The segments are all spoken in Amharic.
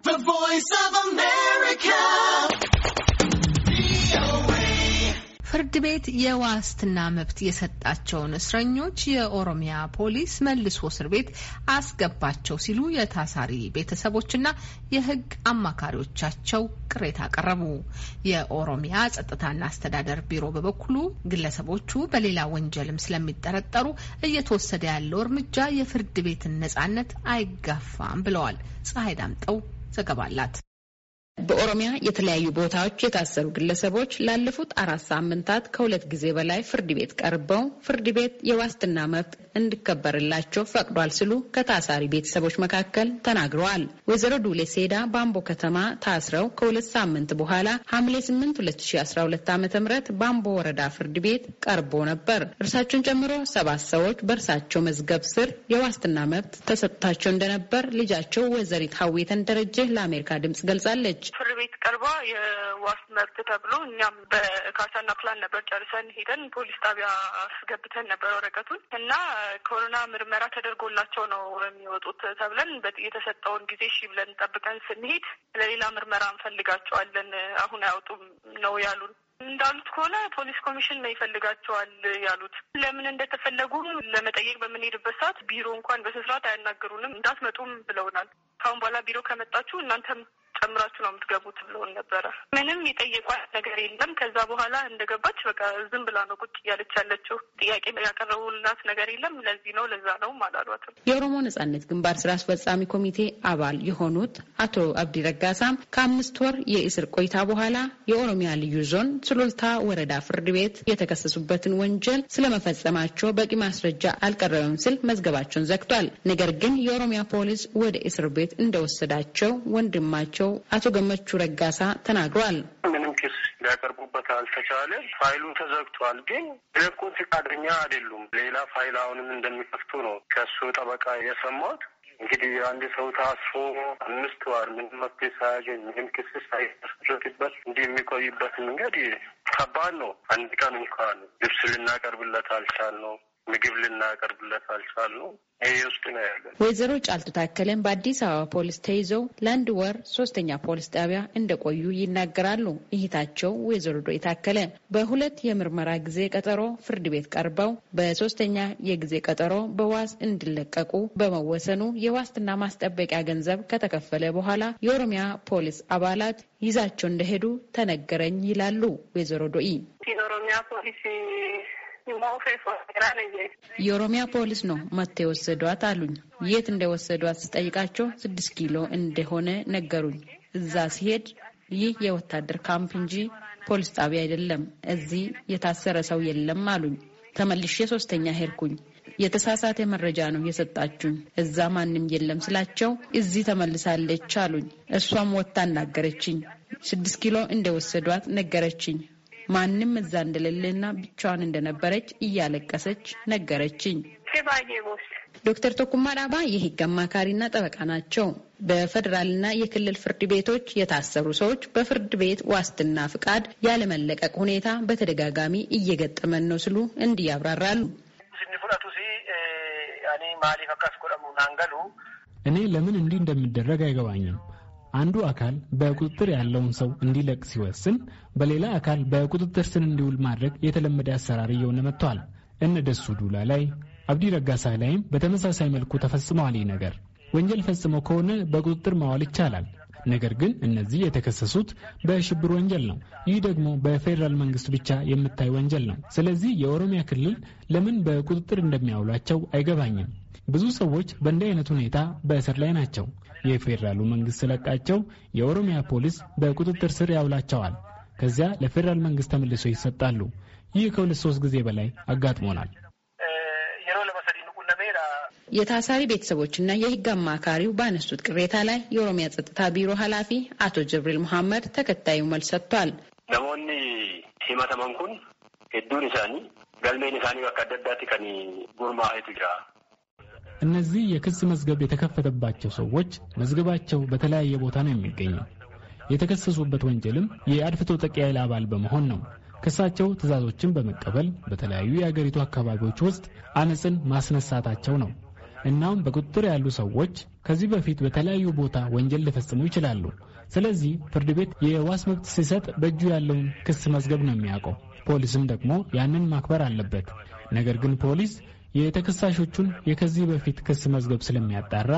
The Voice of America. ፍርድ ቤት የዋስትና መብት የሰጣቸውን እስረኞች የኦሮሚያ ፖሊስ መልሶ እስር ቤት አስገባቸው ሲሉ የታሳሪ ቤተሰቦችና የሕግ አማካሪዎቻቸው ቅሬታ አቀረቡ። የኦሮሚያ ጸጥታና አስተዳደር ቢሮ በበኩሉ ግለሰቦቹ በሌላ ወንጀልም ስለሚጠረጠሩ እየተወሰደ ያለው እርምጃ የፍርድ ቤትን ነጻነት አይጋፋም ብለዋል። ፀሐይ ዳምጠው ዘገባ አላት። በኦሮሚያ የተለያዩ ቦታዎች የታሰሩ ግለሰቦች ላለፉት አራት ሳምንታት ከሁለት ጊዜ በላይ ፍርድ ቤት ቀርበው ፍርድ ቤት የዋስትና መብት እንዲከበርላቸው ፈቅዷል ሲሉ ከታሳሪ ቤተሰቦች መካከል ተናግረዋል። ወይዘሮ ዱሌ ሴዳ በአምቦ ከተማ ታስረው ከሁለት ሳምንት በኋላ ሐምሌ 8 2012 ዓ ም በአምቦ ወረዳ ፍርድ ቤት ቀርቦ ነበር። እርሳቸውን ጨምሮ ሰባት ሰዎች በእርሳቸው መዝገብ ስር የዋስትና መብት ተሰጥቷቸው እንደነበር ልጃቸው ወይዘሪት ሀዊተን ደረጀ ለአሜሪካ ድምጽ ገልጻለች። ፍርድ ቤት ቀርባ የዋስ መብት ተብሎ እኛም በካሳና ፕላን ነበር ጨርሰን ሄደን ፖሊስ ጣቢያ አስገብተን ነበር ወረቀቱን እና ኮሮና ምርመራ ተደርጎላቸው ነው የሚወጡት ተብለን የተሰጠውን ጊዜ ሺ ብለን ጠብቀን ስንሄድ ለሌላ ምርመራ እንፈልጋቸዋለን አሁን አያውጡም ነው ያሉን። እንዳሉት ከሆነ ፖሊስ ኮሚሽን ነው ይፈልጋቸዋል ያሉት። ለምን እንደተፈለጉ ለመጠየቅ በምንሄድበት ሰዓት ቢሮ እንኳን በስነ አያናግሩንም፣ እንዳትመጡም ብለውናል። ካሁን በኋላ ቢሮ ከመጣችሁ እናንተም ጨምራችሁ ነው የምትገቡት ብለውን ነበረ። ምንም የጠየቋት ነገር የለም። ከዛ በኋላ እንደገባች በቃ ዝም ብላ ነው ቁጭ እያለች ያለችው። ጥያቄ ያቀረቡላት ነገር የለም። ለዚህ ነው ለዛ ነው አላሏትም። የኦሮሞ ነጻነት ግንባር ስራ አስፈጻሚ ኮሚቴ አባል የሆኑት አቶ አብዲ ረጋሳም ከአምስት ወር የእስር ቆይታ በኋላ የኦሮሚያ ልዩ ዞን ሱሉልታ ወረዳ ፍርድ ቤት የተከሰሱበትን ወንጀል ስለመፈጸማቸው በቂ ማስረጃ አልቀረበም ሲል መዝገባቸውን ዘግቷል። ነገር ግን የኦሮሚያ ፖሊስ ወደ እስር ቤት እንደወሰዳቸው ወንድማቸው መሆናቸው አቶ ገመቹ ረጋሳ ተናግሯል። ምንም ክስ ሊያቀርቡበት አልተቻለ። ፋይሉ ተዘግቷል። ግን ለቁን ፍቃደኛ አይደሉም። ሌላ ፋይል አሁንም እንደሚከፍቱ ነው ከሱ ጠበቃ የሰማሁት። እንግዲህ አንድ ሰው ታስሮ አምስት ወር ምን መፍትሄ ሳያገኝ ምንም ክስ ሳይደርስበት እንዲህ የሚቆይበት መንገድ ከባድ ነው። አንድ ቀን እንኳን ልብስ ልናቀርብለት አልቻል ነው ምግብ ልናቀርብለት አልቻልንም። ይህ ውስጥ ነው ያለን። ወይዘሮ ጫልቱ ታከለም በአዲስ አበባ ፖሊስ ተይዘው ለአንድ ወር ሶስተኛ ፖሊስ ጣቢያ እንደቆዩ ይናገራሉ። እህታቸው ወይዘሮ ዶ የታከለ በሁለት የምርመራ ጊዜ ቀጠሮ ፍርድ ቤት ቀርበው በሶስተኛ የጊዜ ቀጠሮ በዋስ እንዲለቀቁ በመወሰኑ የዋስትና ማስጠበቂያ ገንዘብ ከተከፈለ በኋላ የኦሮሚያ ፖሊስ አባላት ይዛቸው እንደሄዱ ተነገረኝ ይላሉ ወይዘሮ ዶኢ ኦሮሚያ ፖሊስ የኦሮሚያ ፖሊስ ነው መጥቶ የወሰዷት አሉኝ። የት እንደወሰዷት ስጠይቃቸው ስድስት ኪሎ እንደሆነ ነገሩኝ። እዛ ሲሄድ ይህ የወታደር ካምፕ እንጂ ፖሊስ ጣቢያ አይደለም፣ እዚህ የታሰረ ሰው የለም አሉኝ። ተመልሼ ሶስተኛ ሄድኩኝ። የተሳሳተ መረጃ ነው የሰጣችሁኝ፣ እዛ ማንም የለም ስላቸው እዚህ ተመልሳለች አሉኝ። እሷም ወጥታ አናገረችኝ። ስድስት ኪሎ እንደወሰዷት ነገረችኝ። ማንም እዛ እንደሌለና ብቻዋን እንደነበረች እያለቀሰች ነገረችኝ። ዶክተር ቶኩማ ዳባ የህግ አማካሪና ጠበቃ ናቸው። በፌዴራልና የክልል ፍርድ ቤቶች የታሰሩ ሰዎች በፍርድ ቤት ዋስትና ፍቃድ ያለመለቀቅ ሁኔታ በተደጋጋሚ እየገጠመን ነው ሲሉ እንዲህ ያብራራሉ። እኔ ለምን እንዲህ እንደምደረግ አይገባኝም። አንዱ አካል በቁጥጥር ያለውን ሰው እንዲለቅ ሲወስን፣ በሌላ አካል በቁጥጥር ስር እንዲውል ማድረግ የተለመደ አሰራር እየሆነ መጥቷል። እነ ደሱ ዱላ ላይ አብዲ ረጋሳ ላይም በተመሳሳይ መልኩ ተፈጽመዋል። ይህ ነገር ወንጀል ፈጽመው ከሆነ በቁጥጥር ማዋል ይቻላል። ነገር ግን እነዚህ የተከሰሱት በሽብር ወንጀል ነው። ይህ ደግሞ በፌዴራል መንግስት ብቻ የምታይ ወንጀል ነው። ስለዚህ የኦሮሚያ ክልል ለምን በቁጥጥር እንደሚያውሏቸው አይገባኝም። ብዙ ሰዎች በእንዲህ አይነት ሁኔታ በእስር ላይ ናቸው። የፌዴራሉ መንግስት ስለቃቸው የኦሮሚያ ፖሊስ በቁጥጥር ስር ያውላቸዋል። ከዚያ ለፌዴራል መንግስት ተመልሶ ይሰጣሉ። ይህ ከሁለት ሶስት ጊዜ በላይ አጋጥሞናል። የታሳሪ ቤተሰቦችና የህግ አማካሪው ባነሱት ቅሬታ ላይ የኦሮሚያ ጸጥታ ቢሮ ኃላፊ አቶ ጀብሪል መሐመድ ተከታዩ መልስ ሰጥቷል። ለመሆኒ ሲመተመንኩን ሄዱን ኢሳኒ ገልሜን ኢሳኒ አካደዳት ከኒ ጉርማ ጅራ እነዚህ የክስ መዝገብ የተከፈተባቸው ሰዎች መዝገባቸው በተለያየ ቦታ ነው የሚገኘው። የተከሰሱበት ወንጀልም የአድፍቶ ጠቂ ኃይል አባል በመሆን ነው። ክሳቸው ትዕዛዞችን በመቀበል በተለያዩ የአገሪቱ አካባቢዎች ውስጥ አመፅን ማስነሳታቸው ነው። እናም በቁጥጥር ያሉ ሰዎች ከዚህ በፊት በተለያዩ ቦታ ወንጀል ሊፈጽሙ ይችላሉ። ስለዚህ ፍርድ ቤት የዋስ መብት ሲሰጥ በእጁ ያለውን ክስ መዝገብ ነው የሚያውቀው። ፖሊስም ደግሞ ያንን ማክበር አለበት። ነገር ግን ፖሊስ የተከሳሾቹን የከዚህ በፊት ክስ መዝገብ ስለሚያጣራ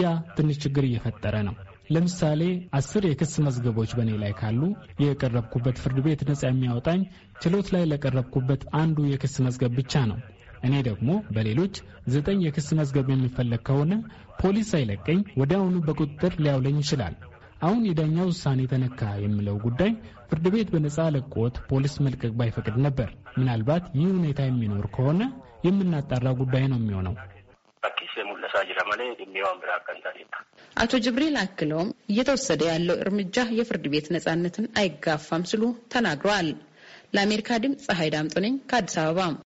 ያ ትንሽ ችግር እየፈጠረ ነው። ለምሳሌ አስር የክስ መዝገቦች በእኔ ላይ ካሉ የቀረብኩበት ፍርድ ቤት ነጻ የሚያወጣኝ ችሎት ላይ ለቀረብኩበት አንዱ የክስ መዝገብ ብቻ ነው። እኔ ደግሞ በሌሎች ዘጠኝ የክስ መዝገብ የሚፈለግ ከሆነ ፖሊስ ሳይለቀኝ ወዲያውኑ በቁጥጥር ሊያውለኝ ይችላል። አሁን የዳኛ ውሳኔ ተነካ የሚለው ጉዳይ ፍርድ ቤት በነጻ ለቆት ፖሊስ መልቀቅ ባይፈቅድ ነበር። ምናልባት ይህ ሁኔታ የሚኖር ከሆነ የምናጣራ ጉዳይ ነው የሚሆነው። አቶ ጅብሪል አክለውም እየተወሰደ ያለው እርምጃ የፍርድ ቤት ነጻነትን አይጋፋም ሲሉ ተናግረዋል። ለአሜሪካ ድምፅ ፀሐይ ዳምጦ ነኝ ከአዲስ አበባ